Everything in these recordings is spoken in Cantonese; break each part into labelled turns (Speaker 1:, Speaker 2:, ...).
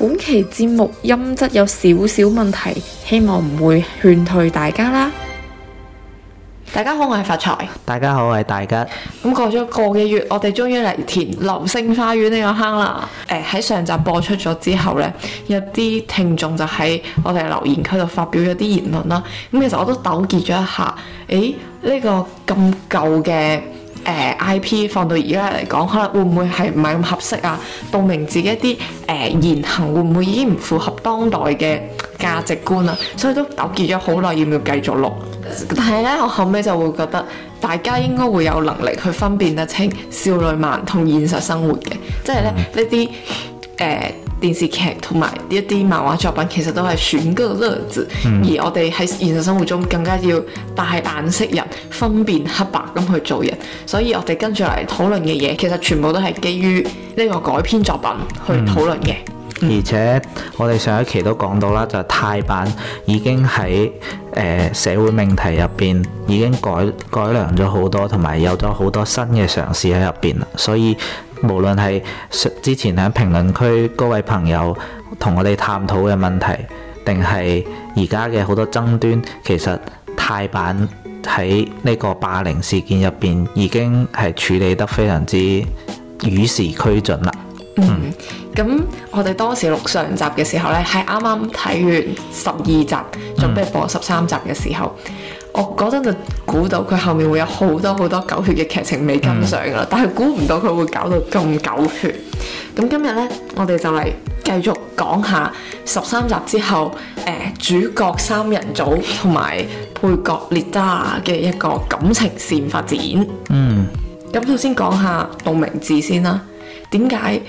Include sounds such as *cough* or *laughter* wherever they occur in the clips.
Speaker 1: 本期節目音質有少少問題，希望唔會勸退大家啦。大家好，我係發財。
Speaker 2: 大家好，我係大吉。
Speaker 1: 咁過咗個幾月，我哋終於嚟填流星花園呢個坑啦。誒，喺上集播出咗之後呢，有啲聽眾就喺我哋留言區度發表咗啲言論啦。咁其實我都糾結咗一下，誒，呢個咁舊嘅。誒、呃、I P 放到而家嚟講，可能會唔會係唔係咁合適啊？道明寺自己一啲誒、呃、言行，會唔會已經唔符合當代嘅價值觀啊？所以都糾結咗好耐，要唔要繼續錄？但係呢，我後尾就會覺得大家應該會有能力去分辨得清少女漫同現實生活嘅，即係咧呢啲誒。電視劇同埋呢一啲漫畫作品其實都係選個樂子，嗯、而我哋喺現實生活中更加要帶眼識人，分辨黑白咁去做人。所以我哋跟住嚟討論嘅嘢，其實全部都係基於呢個改編作品去討論嘅。嗯、
Speaker 2: 而且我哋上一期都講到啦，就係、泰版已經喺誒、呃、社會命題入邊已經改改良咗好多，同埋有咗好多新嘅嘗試喺入邊，所以，無論係之前喺評論區嗰位朋友同我哋探討嘅問題，定係而家嘅好多爭端，其實泰版喺呢個霸凌事件入邊已經係處理得非常之與時俱進啦。嗯，
Speaker 1: 咁、嗯、我哋當時錄上集嘅時候咧，係啱啱睇完十二集，準備播十三集嘅時候。嗯嗯我嗰陣就估到佢後面會有好多好多狗血嘅劇情未跟上噶啦，嗯、但係估唔到佢會搞到咁狗血。咁今日呢，我哋就嚟繼續講下十三集之後，誒、呃、主角三人組同埋配角列達嘅一個感情線發展。嗯，咁首先講下道明寺先啦，點解？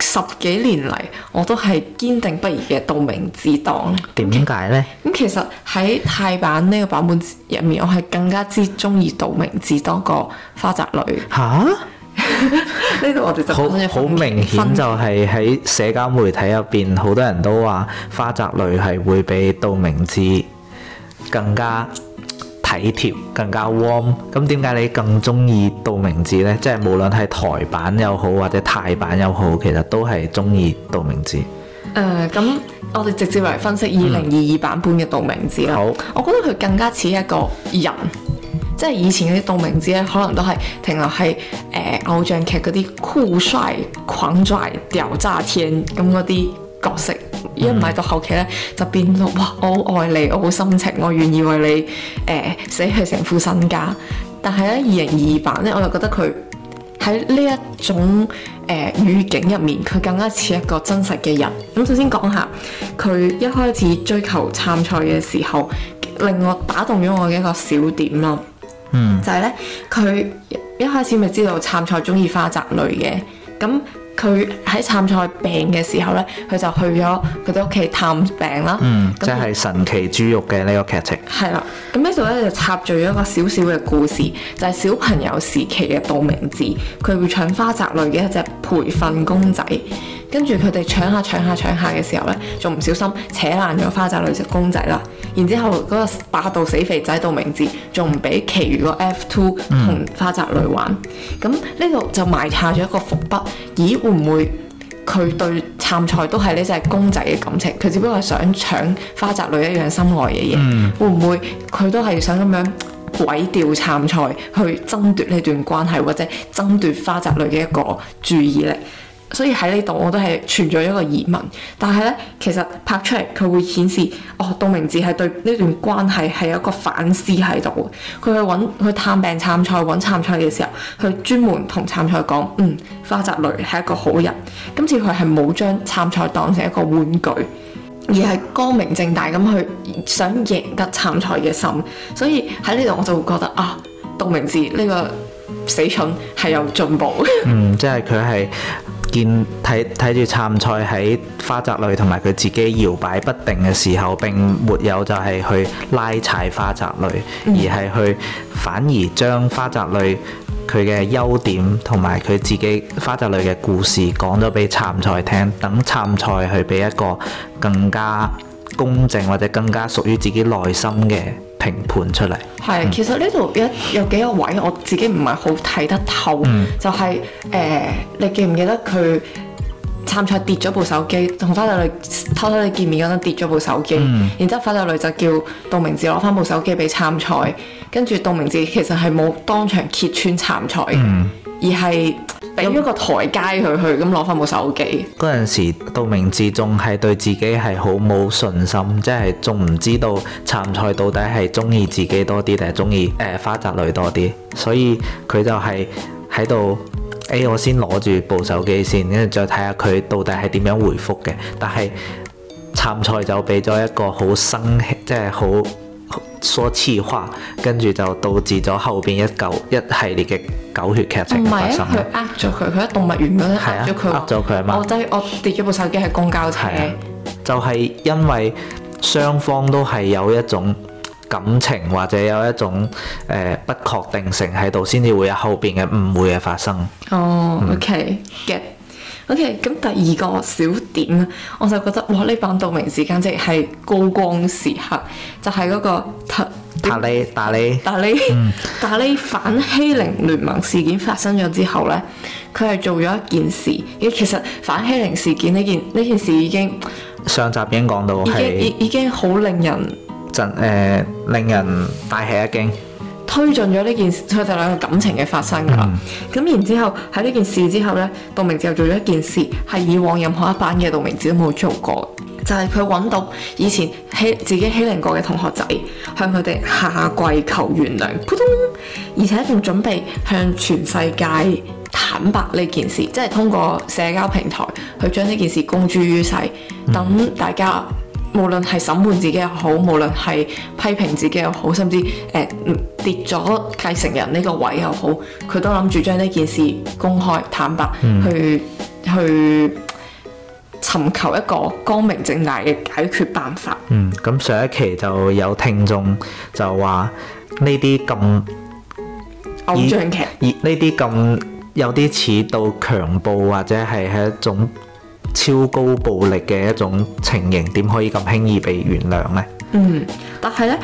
Speaker 1: 十幾年嚟，我都係堅定不移嘅道明寺黨。
Speaker 2: 點解呢？
Speaker 1: 咁其實喺泰版呢個版本入面，我係更加之中意道明寺多過花澤類。
Speaker 2: 嚇蛤？呢度 *laughs* 我哋就好，好明顯就係喺社交媒體入邊，好多人都話花澤類係會比道明寺更加體貼更加 warm，咁點解你更中意道明寺呢？即係無論係台版又好，或者泰版又好，其實都係中意道明寺。
Speaker 1: 誒、呃，咁我哋直接嚟分析二零二二版本嘅道明寺啦、嗯。好，我覺得佢更加似一個人，即係以前嗰啲道明寺咧，可能都係停留係誒、呃、偶像劇嗰啲酷帥、狂拽、屌炸天咁嗰啲。那那角色一唔係到後期咧，就變到哇！我好愛你，我好深情，我願意為你誒、呃、死去成副身家。但係咧，二零二二版咧，我就覺得佢喺呢一種誒、呃、語境入面，佢更加似一個真實嘅人。咁、嗯、首先講下佢一開始追求杉菜嘅時候，令我打動咗我嘅一個小點啦。嗯，就係咧，佢一開始咪知道杉菜中意花澤類嘅咁。嗯。佢喺杉菜病嘅時候呢，佢就去咗佢哋屋企探病啦。嗯，
Speaker 2: 即係那神奇豬肉嘅呢、這個劇情。
Speaker 1: 係啦，咁呢度呢，就插住咗一個小小嘅故事，就係、是、小朋友時期嘅道明寺，佢會搶花澤類嘅一隻培訓公仔。跟住佢哋搶下搶下搶下嘅時候呢，仲唔小心扯爛咗花澤類隻公仔啦。然之後嗰個霸道死肥仔道明寺仲唔俾其餘個 F two 同花澤類玩？咁呢度就埋下咗一個伏筆。咦？會唔會佢對杉菜都係呢隻公仔嘅感情？佢只不過係想搶花澤類一樣心愛嘅嘢。嗯、會唔會佢都係想咁樣毀掉杉菜，去爭奪呢段關係，或者爭奪花澤類嘅一個注意力？所以喺呢度我都係存在一個疑問，但係呢，其實拍出嚟佢會顯示，哦，道明寺係對呢段關係係有一個反思喺度嘅。佢去揾去探病杉菜，揾杉菜嘅時候，佢專門同杉菜講，嗯，花澤類係一個好人。今次佢係冇將杉菜當成一個玩具，而係光明正大咁去想贏得杉菜嘅心。所以喺呢度我就會覺得啊，道明寺呢個死蠢係有進步。嗯，
Speaker 2: 即係佢係。見睇睇住杉菜喺花澤類同埋佢自己搖擺不定嘅時候，並沒有就係去拉踩花澤類，嗯、而係去反而將花澤類佢嘅優點同埋佢自己花澤類嘅故事講咗俾杉菜聽，等杉菜去俾一個更加公正或者更加屬於自己內心嘅評判出嚟，係是、嗯、其實呢
Speaker 1: 度有有幾個位，我自己唔係好睇得透，嗯、就係、是、誒、呃，你記唔記得佢杉菜跌咗部手機，同花澤類偷偷哋見面嗰陣跌咗部手機，嗯、然之後花澤類就叫道明寺攞返部手機俾杉菜，跟住道明寺其實係冇當場揭穿杉菜、嗯、而係。俾咗個台階佢去，咁攞翻部手機。
Speaker 2: 嗰陣時，道明寺仲係對自己係好冇信心，即係仲唔知道杉菜到底係中意自己多啲定係中意誒花澤類多啲，所以佢就係喺度哎，我先攞住部手機先，跟住再睇下佢到底係點樣回覆嘅。但係杉菜就俾咗一個好生氣，即係好，說氣話，跟住就導致咗後邊一狗一系列嘅狗血劇情發生。唔係啊，佢呃咗佢，佢喺動物園嗰度，係啊，呃咗佢啊嘛。我
Speaker 1: 真係我跌咗部手機喺公交車。啊、
Speaker 2: 就係、是、因為雙方都係有一種感情或者有一種誒、呃、不確定性喺度，先至會有後邊嘅誤會嘅發生。
Speaker 1: 哦，OK，get。O.K. 咁第二個小點我就覺得哇！呢版《道明寺》簡直係高光時刻，就係、是、嗰、那個達利達利達利達利理、嗯、反欺凌聯盟事件發生咗之後呢，佢係做咗一件事。因為其實反欺凌事件呢件呢件事已經
Speaker 2: 上集已經講到已經，
Speaker 1: 已經好令人
Speaker 2: 誒、呃、令人大吃一驚。
Speaker 1: 推進咗呢件事，佢哋兩個感情嘅發生噶啦，咁、嗯、然之後喺呢件事之後呢，道明寺又做咗一件事，係以往任何一班嘅道明寺都冇做過，就係佢揾到以前欺自己欺凌過嘅同學仔，向佢哋下跪求原諒，噗噗而且仲準備向全世界坦白呢件事，即係通過社交平台去將呢件事公諸於世，等大家，嗯無論係審判自己又好，無論係批評自己又好，甚至誒、呃、跌咗繼承人呢個位又好，佢都諗住將呢件事公開、坦白去，去、嗯、去尋求一個光明正大嘅解決辦法。嗯，
Speaker 2: 咁上一期就有聽眾就話呢啲咁偶像劇，而呢啲咁有啲似到強暴或者係一種。超高暴力嘅一種情形，點可以咁輕易被原諒呢？嗯，
Speaker 1: 但係呢，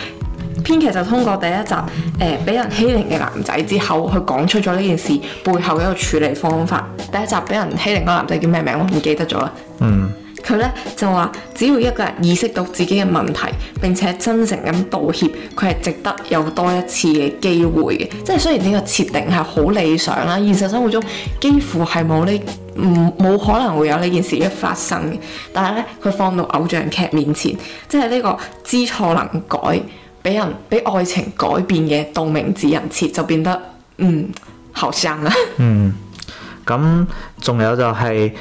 Speaker 1: 編劇就通過第一集，誒、呃、俾人欺凌嘅男仔之後，佢講出咗呢件事背後嘅一個處理方法。第一集俾人欺凌個男仔叫咩名？我唔記得咗啦。嗯，佢呢就話，只要一個人意識到自己嘅問題，並且真誠咁道歉，佢係值得有多一次嘅機會嘅。即係雖然呢個設定係好理想啦，現實生活中幾乎係冇呢。唔冇可能會有呢件事，一發生，但係咧佢放到偶像劇面前，即係呢個知錯能改，俾人俾愛情改變嘅道明寺人設就變得嗯後生啦。
Speaker 2: 嗯，咁仲、啊嗯、有就係、是。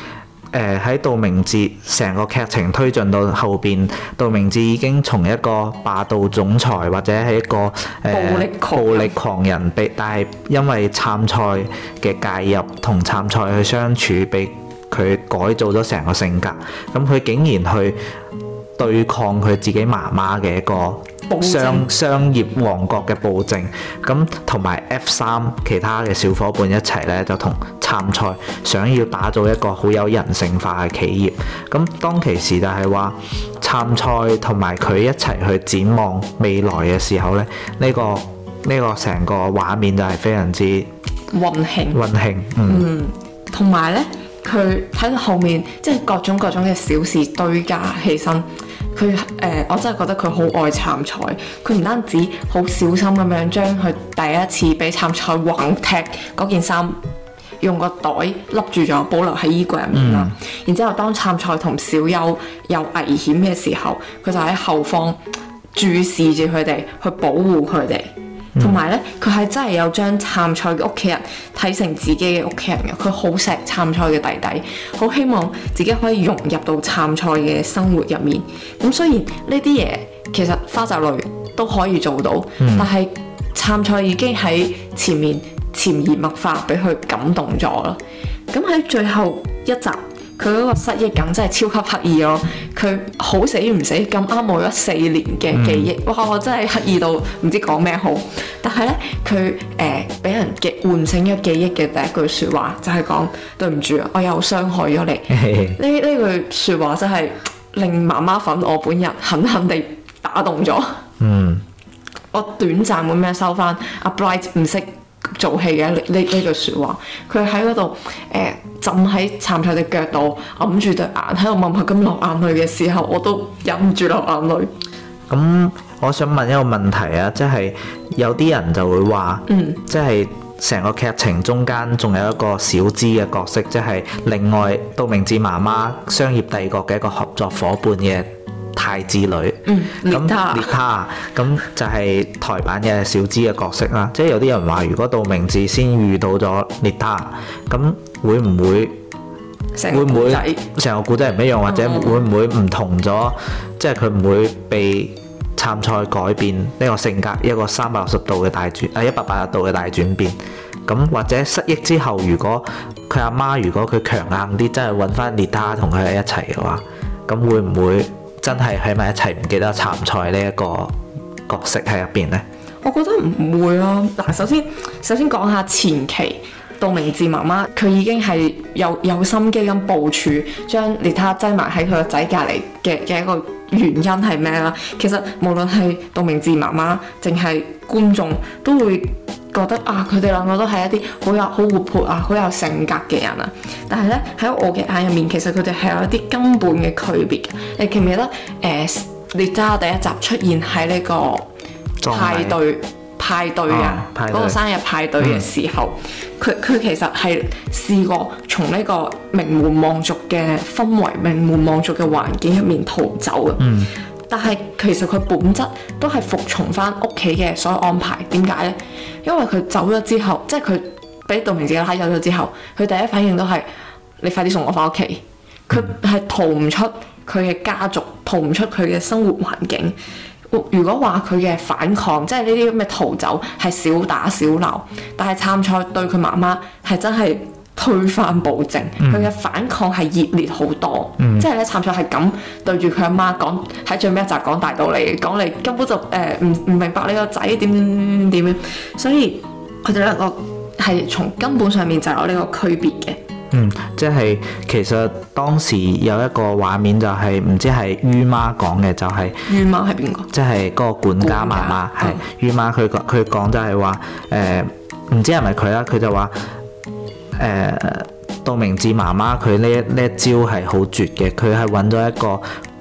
Speaker 2: 誒喺、呃、道明寺成個劇情推進到後邊，道明寺已經從一個霸道總裁或者係一個暴力、呃、暴力狂人，狂人被但係因為杉菜嘅介入同杉菜去相處，俾佢改造咗成個性格。咁佢竟然去對抗佢自己媽媽嘅一個商商業王國嘅暴政，咁同埋 F 三其他嘅小伙伴一齊咧，就同杉菜，想要打造一個好有人性化嘅企業。咁當其時就係話杉菜同埋佢一齊去展望未來嘅時候咧，呢、這個呢、這個成個畫面就係非常之
Speaker 1: 温馨慶，温馨。嗯，同埋咧，佢睇到後面即係、就是、各種各種嘅小事堆加起身。佢誒、呃，我真係覺得佢好愛杉菜。佢唔單止好小心咁樣將佢第一次俾杉菜橫踢嗰件衫，用個袋笠住咗，保留喺衣櫃入面啦。嗯、然之後，當杉菜同小優有危險嘅時候，佢就喺後方注視住佢哋，去保護佢哋。同埋咧，佢係真係有將杉菜嘅屋企人睇成自己嘅屋企人嘅，佢好錫杉菜嘅弟弟，好希望自己可以融入到杉菜嘅生活入面。咁雖然呢啲嘢其實花澤類都可以做到，但係杉菜已經喺前面潛移默化俾佢感動咗啦。咁喺最後一集。佢嗰個失憶感真係超級刻意咯，佢好死唔死咁啱冇咗四年嘅記憶，哇！我真係刻意到唔知講咩好。但係呢，佢誒俾人嘅喚醒咗記憶嘅第一句説話就係、是、講對唔住，我又傷害咗你。呢呢 *laughs* 句説話真係令媽媽粉我本人狠狠地打動咗。嗯， *laughs* 我短暫嘅咩收翻，阿 Bright 唔識做戲嘅呢呢句説話，佢喺嗰度誒。呃浸喺杉菜隻腳度，揞住對眼喺度默默咁流眼淚嘅時候，我都忍唔住流眼淚。
Speaker 2: 咁、嗯、我想問一個問題啊，即係有啲人就會話，嗯、即係成個劇情中間仲有一個小資嘅角色，即、就、係、是、另外道明寺媽媽商業帝國嘅一個合作伙伴嘅。太子女咁，列他，咁就係泰版嘅小芝嘅角色啦。即係有啲人話，如果道明寺先遇到咗列他，咁會唔會會唔會成個故仔唔一樣，嗯、或者會唔會唔同咗？即係佢唔會被杉菜改變呢個性格，一個三百六十度嘅大轉啊，一百八十度嘅大轉變咁。或者失憶之後，如果佢阿媽如果佢強硬啲，真係揾翻列他同佢喺一齊嘅話，咁會唔會？.真係喺埋一齊唔記得參賽呢一個角色喺入邊呢？
Speaker 1: 我覺得唔會咯。嗱，首先首先講下前期道明寺媽媽，佢已經係有有心機咁部署將，將列塔擠埋喺佢個仔隔離嘅嘅一個原因係咩啦？其實無論係道明寺媽媽，定係觀眾都會覺得啊，佢哋兩個都係一啲好有、好活潑啊、好有性格嘅人啊。但係咧，喺我嘅眼入面，其實佢哋係有一啲根本嘅區別嘅。你記唔記得誒？列、呃、娜第一集出現喺呢個派對派對啊，嗰個生日派對嘅時候，佢佢、嗯、其實係試過從呢個名門望族嘅氛圍、名門望族嘅環境入面逃走嘅。嗯但係其實佢本質都係服從翻屋企嘅所有安排，點解呢？因為佢走咗之後，即係佢俾道明寺拉走咗之後，佢第一反應都係你快啲送我翻屋企。佢係逃唔出佢嘅家族，逃唔出佢嘅生活環境。如果話佢嘅反抗，即係呢啲咁嘅逃走，係小打小鬧，但係杉菜對佢媽媽係真係推翻暴政，佢嘅、嗯、反抗係熱烈好多，即係咧，杉菜係咁對住佢阿媽講，喺最尾一集講大道理，講你根本就誒唔唔明白你個仔點點點點，所以佢哋兩個係從根本上面就係有呢個區別嘅。嗯，
Speaker 2: 即、就、係、是、其實當時有一個畫面就係、是、唔知係於媽講嘅，就係、是、於媽係邊個？即係嗰個管家媽媽，係於媽佢佢講就係話誒，唔、呃、知係咪佢啦？佢就話。誒、呃，道明智媽媽佢呢呢一招係好絕嘅，佢係揾咗一個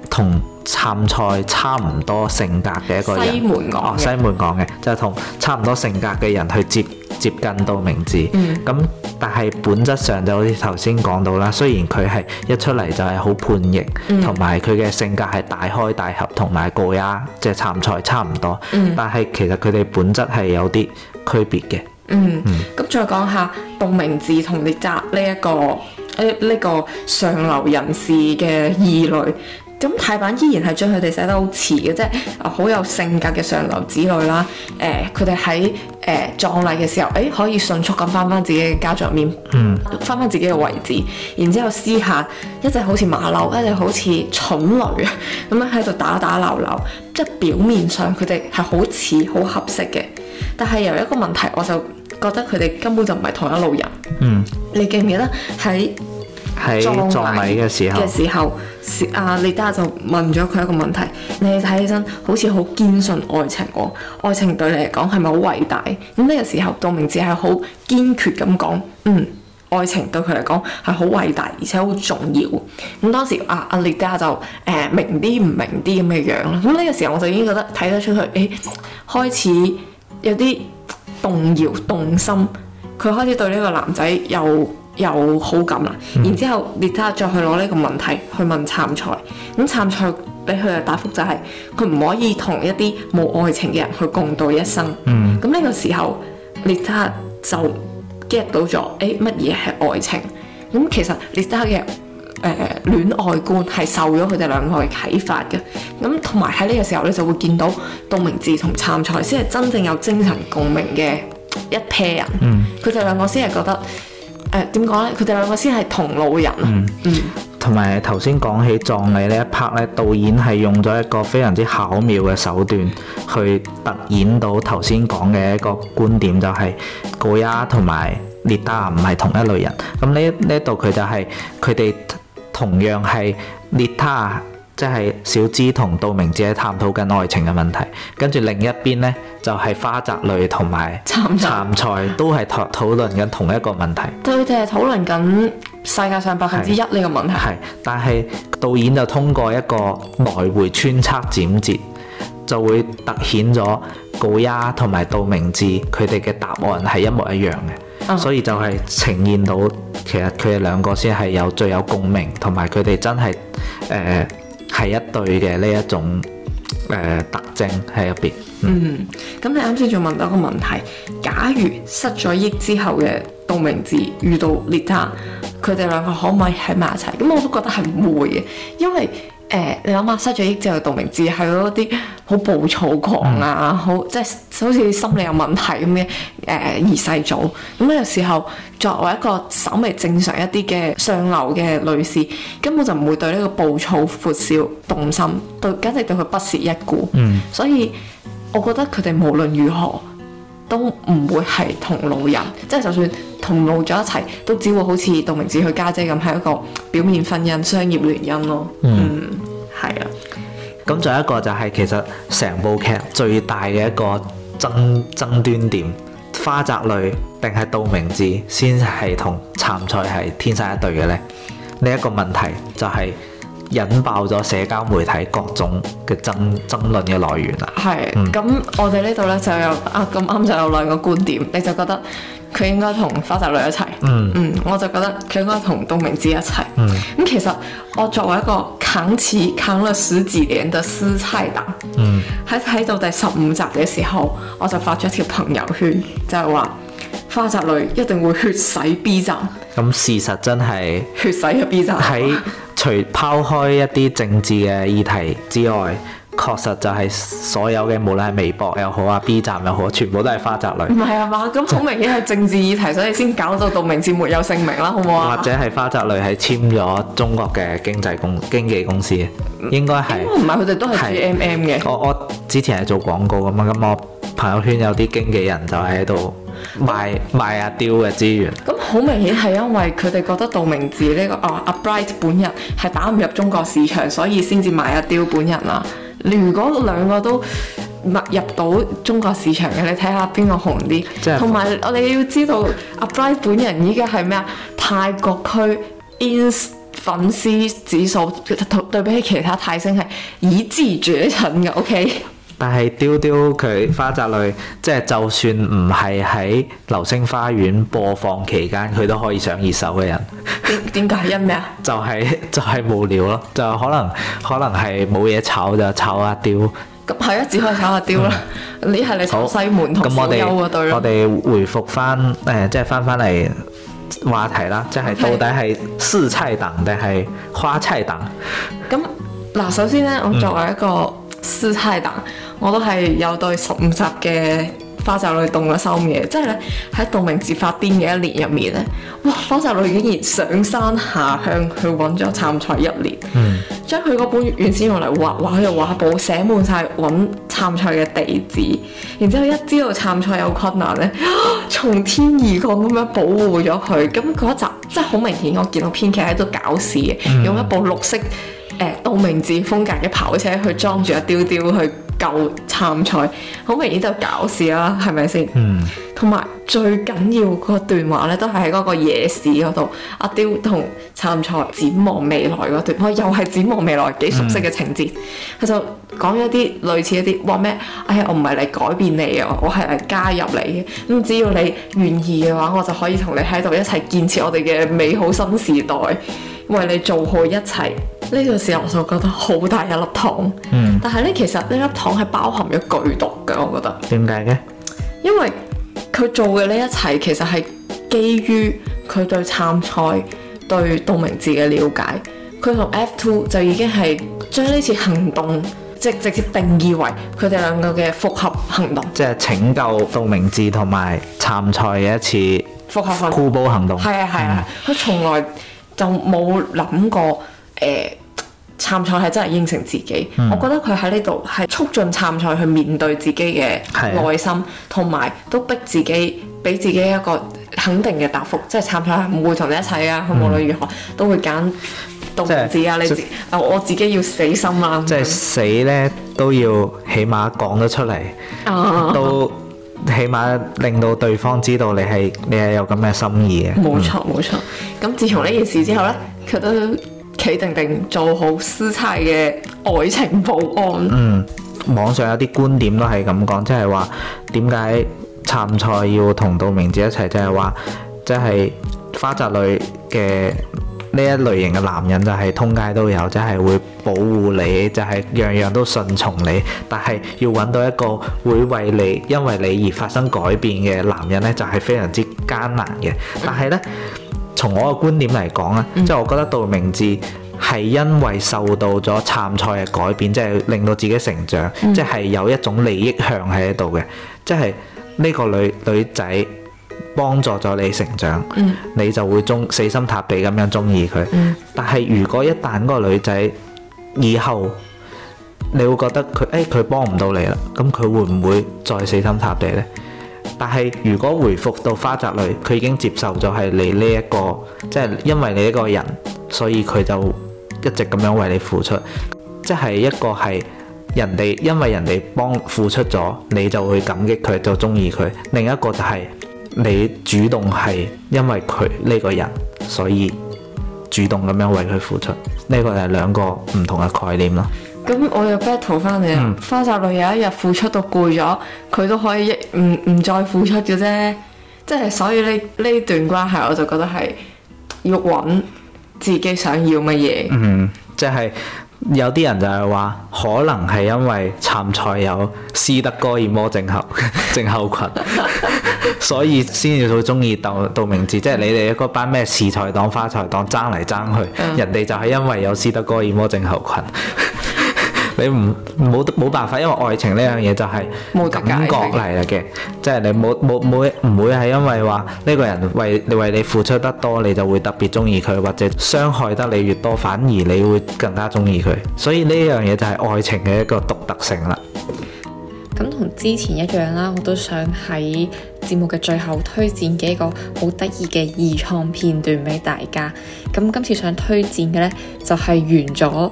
Speaker 2: 同杉菜差唔多性格嘅一個人，門哦，西門昂嘅，就係、是、同差唔多性格嘅人去接接近道明寺咁、嗯嗯、但係本質上就好似頭先講到啦，雖然佢係一出嚟就係好叛逆，同埋佢嘅性格係大開大合同埋過癮，即係杉菜差唔多，嗯、但係其實佢哋本質係有啲區別嘅。
Speaker 1: 嗯，咁、嗯、再講下道明寺同你澤呢一個誒呢、這個這個上流人士嘅異類，咁泰版依然係將佢哋寫得好似嘅即啫，好、呃、有性格嘅上流子女啦。誒、呃，佢哋喺誒葬禮嘅時候，誒、欸、可以迅速咁翻翻自己嘅家族入面，翻翻自己嘅位置，然之後私下一隻好似馬騮，一隻好似寵女咁樣喺度打打鬧鬧，即係表面上佢哋係好似好合適嘅，但係由一個問題我就覺得佢哋根本就唔係同一路人。嗯，你記唔記得喺
Speaker 2: 喺種米嘅時
Speaker 1: 候，嘅時候，阿麗達就問咗佢一個問題，你睇起身好似好堅信愛情喎，啊，愛情對你嚟講係咪好偉大？咁、嗯、呢、這個時候，道明寺係好堅決咁講，嗯，愛情對佢嚟講係好偉大，而且好重要。咁、嗯、當時，阿阿麗達就誒、呃、明啲唔明啲咁嘅樣咯。咁、嗯、呢、這個時候，我就已經覺得睇得出去，誒、欸，開始有啲。動搖，動心，佢開始對呢個男仔又有，有好感啦。嗯、然之後，Lita 再去攞呢個問題去問杉菜，咁杉菜俾佢嘅答覆就係，佢唔可以同一啲冇愛情嘅人去共度一生。咁呢、嗯、個時候，Lita 就 get 到咗，誒乜嘢係愛情？咁其實 Lita 嘅。誒戀愛觀係受咗佢哋兩個嘅啟發嘅，咁同埋喺呢個時候咧就會見到道明寺同杉菜先係真正有精神共鳴嘅一批 a i 人，佢哋、嗯、兩個先係覺得誒點講咧？佢哋兩個先係同路人，嗯，
Speaker 2: 同埋頭先講起葬禮呢一 part 咧，導演係用咗一個非常之巧妙嘅手段去突顯到頭先講嘅一個觀點，就係，就係 Gorya 同埋 Lita 唔係同一類人。咁呢呢度佢就係佢哋。同樣係列，他即係小芝同道明寺喺探討緊愛情嘅問題，跟住另一邊呢，就係、是、花澤類同埋杉菜都係討討論緊同一個問題。
Speaker 1: 佢哋係討論緊世界上百分之一呢是個問題。係，
Speaker 2: 但係導演就通過一個來回穿插剪接，就會突顯咗 Gorya 同埋道明寺，佢哋嘅答案係一模一樣嘅。所以就係呈現到，其實佢哋兩個先係有最有共鳴，同埋佢哋真係誒係一對嘅呢一種誒、呃、特徵喺入邊。嗯，
Speaker 1: 咁、嗯、你啱先仲問到一個問題，假如失咗憶之後嘅道明寺遇到 Lita，佢哋兩個可唔可以喺埋一齊？咁我都覺得係唔會嘅，因為。誒、呃，你諗下，失咗憶之後，道明寺係嗰啲好暴躁狂啊，嗯、好即係好似心理有問題咁嘅誒二世祖。咁、呃、咧有時候作為一個稍微正常一啲嘅上流嘅女士，根本就唔會對呢個暴躁闊少動心，對，簡直對佢不屑一顧。嗯，所以我覺得佢哋無論如何。都唔會係同路人，即係就算同路咗一齊，都只會好似道明寺佢家姐咁，係一個表面婚姻、商業聯姻咯、哦。嗯，係、嗯、啊。
Speaker 2: 咁仲有一個就係、是、其實成部劇最大嘅一個爭爭端點，花澤類定係道明寺先係同杉菜係天生一對嘅呢？呢、這、一個問題就係、是。引爆咗社交媒體各種嘅爭爭論嘅來源啦。係是，咁、
Speaker 1: 嗯、我哋呢度呢，就有啊咁啱就有兩個觀點，你就覺得佢應該同花澤類一齊。嗯，嗯，我就覺得佢應該同道明寺一齊。嗯，咁、嗯、其實我作為一個啃刺啃了十幾年的司菜黨，喺睇、嗯、到第十五集嘅時候，我就發咗一條朋友圈，就係、是、話。花澤類一定會血洗 B 站。
Speaker 2: 咁事實真係血洗咗 B 站。喺 *laughs* 除拋開一啲政治嘅議題之外，確實就係所有嘅無論係微博又好啊 B 站又好，全部都係花澤類。
Speaker 1: 唔係啊嘛，咁好明顯係政治議題， *laughs* 所以先搞到道明寺，沒有姓名啦，好唔好啊？或者
Speaker 2: 係花澤類係簽咗中國嘅經濟公經紀公司，應該係。應該唔係佢哋都係 GMM 嘅。我我之前係做廣告咁啊，咁我朋友圈有啲經紀人就喺度。賣賣阿雕嘅資源，
Speaker 1: 咁好明顯係因為佢哋覺得道明寺呢、這個哦阿、啊、Bright 本人係打唔入中國市場，所以先至賣阿雕本人啦。如果兩個都入到中國市場嘅，你睇下邊個紅啲。同埋是我哋要知道阿 Bright 本人依家係咩啊？泰國區 ins 粉絲指數對，對比起其他泰星係以次絕倫嘅，OK。
Speaker 2: 但係雕雕佢花澤類，即係就算唔係喺流星花園播放期間，佢都可以上熱搜嘅人。
Speaker 1: 點解？因咩啊、 *laughs* 就是？
Speaker 2: 就係就係無聊咯，就可能可能係冇嘢炒就炒、啊、下雕。咁
Speaker 1: 係啊，只可以炒下雕啦。嗯、你係你從西門同西幽啊？
Speaker 2: 對啦。我哋回覆翻誒，即係翻翻嚟話題啦，即係到底係司菜黨定係花菜黨？
Speaker 1: 咁嗱 Okay.、嗯，首先咧，我作為一個、嗯。司菜黨，我都係有對十五集嘅花澤類動咗心嘅，即係咧喺道明寺發癲嘅一年入面咧，哇！花澤類竟然上山下鄉去揾咗杉菜一年，嗯、將佢嗰本原先用嚟畫畫嘅畫簿寫滿晒揾杉菜嘅地址，然之後一知道杉菜有困難咧、啊，從天而降咁樣保護咗佢，咁嗰一集即係好明顯，我見到編劇喺度搞事嘅，嗯、用一部綠色。誒道明寺風格嘅跑車去裝住阿雕雕去救杉菜，好明顯就搞事啦，係咪先？嗯。同埋最緊要個段話咧，都係喺嗰個夜市嗰度，阿雕同杉菜展望未來嗰段，我又係展望未來幾熟悉嘅情節。佢、嗯、就講咗啲類似一啲，話咩？哎呀，我唔係嚟改變你呀，我係嚟加入你嘅。咁只要你願意嘅話，我就可以同你喺度一齊建設我哋嘅美好新時代，為你做好一切。呢個時候我就覺得好大一粒糖，嗯、但係呢，其實呢粒糖係包含咗巨毒嘅，我覺得。點解嘅？因為佢做嘅呢一切，其實係基於佢對杉菜、對道明寺嘅了解，佢同 F two 就已經係將呢次行動即直接定義為佢哋兩個嘅復合
Speaker 2: 行動，即係拯救道明寺同埋杉菜嘅一次合復合行動、互保行動。係
Speaker 1: 啊，係啊，佢從來就冇諗過誒。呃杉菜係真係應承自己，我覺得佢喺呢度係促進杉菜去面對自己嘅內心，同埋都逼自己俾自己一個肯定嘅答覆，即係杉菜係唔會同你一齊啊！佢無論如何，都會揀獨子啊！你自
Speaker 2: 我自己要死心啦，即係死咧都要起碼講得出嚟，
Speaker 1: 都
Speaker 2: 起碼令到對方知道你係你係有咁嘅心意嘅。冇錯冇錯，
Speaker 1: 咁自從呢件事之後呢，佢都。企定定做好司菜嘅愛情保安。
Speaker 2: 嗯，網上有啲觀點都係咁講，即係話點解杉菜要同道明寺一齊，就係話即係花澤類嘅呢一類型嘅男人就係通街都有，即係會保護你，就係樣樣都順從你。但係要揾到一個會為你，因為你而發生改變嘅男人呢就係非常之艱難嘅。嗯，但係呢。從我嘅觀點嚟講咧，即係、嗯、我覺得道明寺係因為受到咗杉菜嘅改變，即、就、係、是、令到自己成長，即係、嗯、有一種利益向喺度嘅，即係呢個女女仔幫助咗你成長，嗯、你就會中死心塌地咁樣中意佢。嗯、但係如果一旦嗰個女仔以後，你會覺得佢誒佢幫唔到你啦，咁佢會唔會再死心塌地呢？但係如果回覆到花澤類，佢已經接受咗係你呢一個，即係因為你呢個人，所以佢就一直咁樣為你付出。即係一個係人哋因為人哋幫付出咗，你就會感激佢，就中意佢。另一個就係你主動係因為佢呢個人，所以主動咁樣為佢付出。呢個係兩個唔同嘅概念啦。
Speaker 1: 咁我又 battle 翻嚟，花澤類有一日付出到攰咗，佢都可以唔唔再付出嘅啫，即係所以呢呢段關係我就覺得係要揾自己想要乜嘢。嗯，
Speaker 2: 即係有啲人就係話，可能係因為杉菜有斯德哥爾摩症候、症候群， *laughs* *laughs* 所以先至好中意道明寺。即係你哋一班咩司菜黨、花菜黨爭嚟爭去，嗯、人哋就係因為有斯德哥爾摩症候群。 *laughs* 你唔冇冇辦法，因為愛情呢樣嘢就係感覺嚟嘅，即係你冇冇唔會係因為話呢個人為你為你付出得多，你就會特別中意佢，或者傷害得你越多，反而你會更加中意佢。所以呢樣嘢就係愛情嘅一個獨特性啦。
Speaker 1: 咁同之前一樣啦，我都想喺，節目嘅最後，推薦幾個好得意嘅二創片段俾大家。咁今次想推薦嘅呢，就係、是、圓咗誒、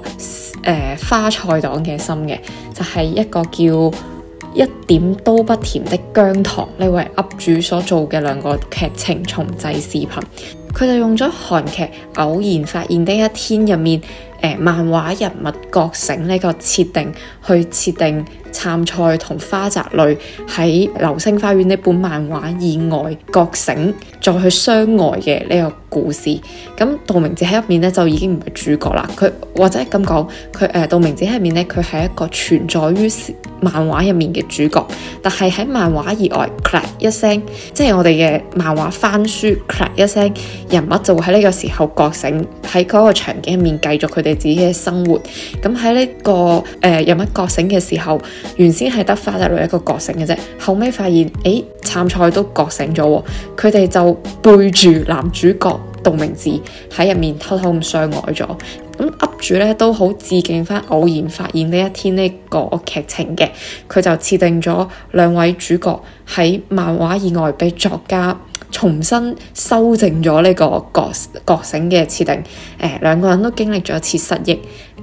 Speaker 1: 呃、花菜黨嘅心嘅，就係、是、一個叫一點都不甜的薑糖呢位 up 主所做嘅兩個劇情重製視頻。佢就用咗韓劇《偶然發現的一天》入面。誒、呃、漫畫人物覺醒呢個設定，去設定杉菜同花澤類喺《流星花園》呢本漫畫以外覺醒，再去相愛嘅呢個故事。咁、嗯、道明寺喺入面咧就已經唔係主角啦，佢或者咁講，佢誒、呃、道明寺喺入面咧佢係一個存在於漫畫入面嘅主角，但係喺漫畫以外 c l a c k 一聲，即係我哋嘅漫畫翻書 c l a c k 一聲人物就會喺呢個時候覺醒喺嗰個場景入面繼續佢哋自己嘅生活，咁喺呢個誒人物覺醒嘅時候，原先係得花澤類一個覺醒嘅啫，後尾發現誒，杉菜都覺醒咗，佢哋就背住男主角道明寺喺入面偷偷咁相愛咗。咁噏住咧都好致敬返偶然發現呢一天呢個劇情嘅，佢就設定咗兩位主角喺漫畫以外，俾作家重新修正咗呢個覺，覺醒嘅設定。誒、呃，兩個人都經歷咗一次失憶，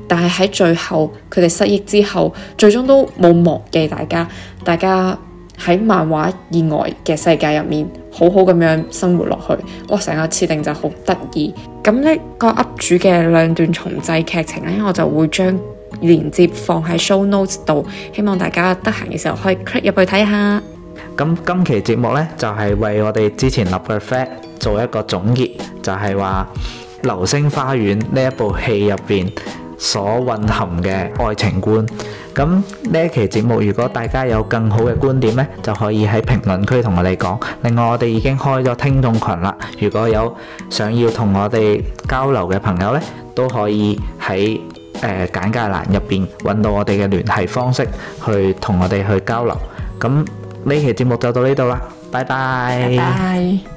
Speaker 1: 但係喺最後佢哋失憶之後，最終都冇忘記大家，大家。喺漫畫以外嘅世界入面，好好咁樣生活落去。哇，成個設定就好得意。咁呢個 Up 主嘅兩段重製劇情呢，我就會將連接放喺 Show Notes 度，希望大家得閒嘅時候可以 click 入去睇下。
Speaker 2: 咁今期節目呢，就係、是、為我哋之前立 perfect 做一個總結，就係、是、話《流星花園》呢一部戲入邊，所蘊含嘅愛情觀，咁呢一期節目如果大家有更好嘅觀點呢，就可以喺評論區同我哋講。另外我哋已經開咗聽眾群啦，如果有想要同我哋交流嘅朋友呢，都可以喺誒、呃、簡介欄入邊揾到我哋嘅聯繫方式，去同我哋去交流。咁呢期節目就到呢度啦，拜拜。Bye bye bye。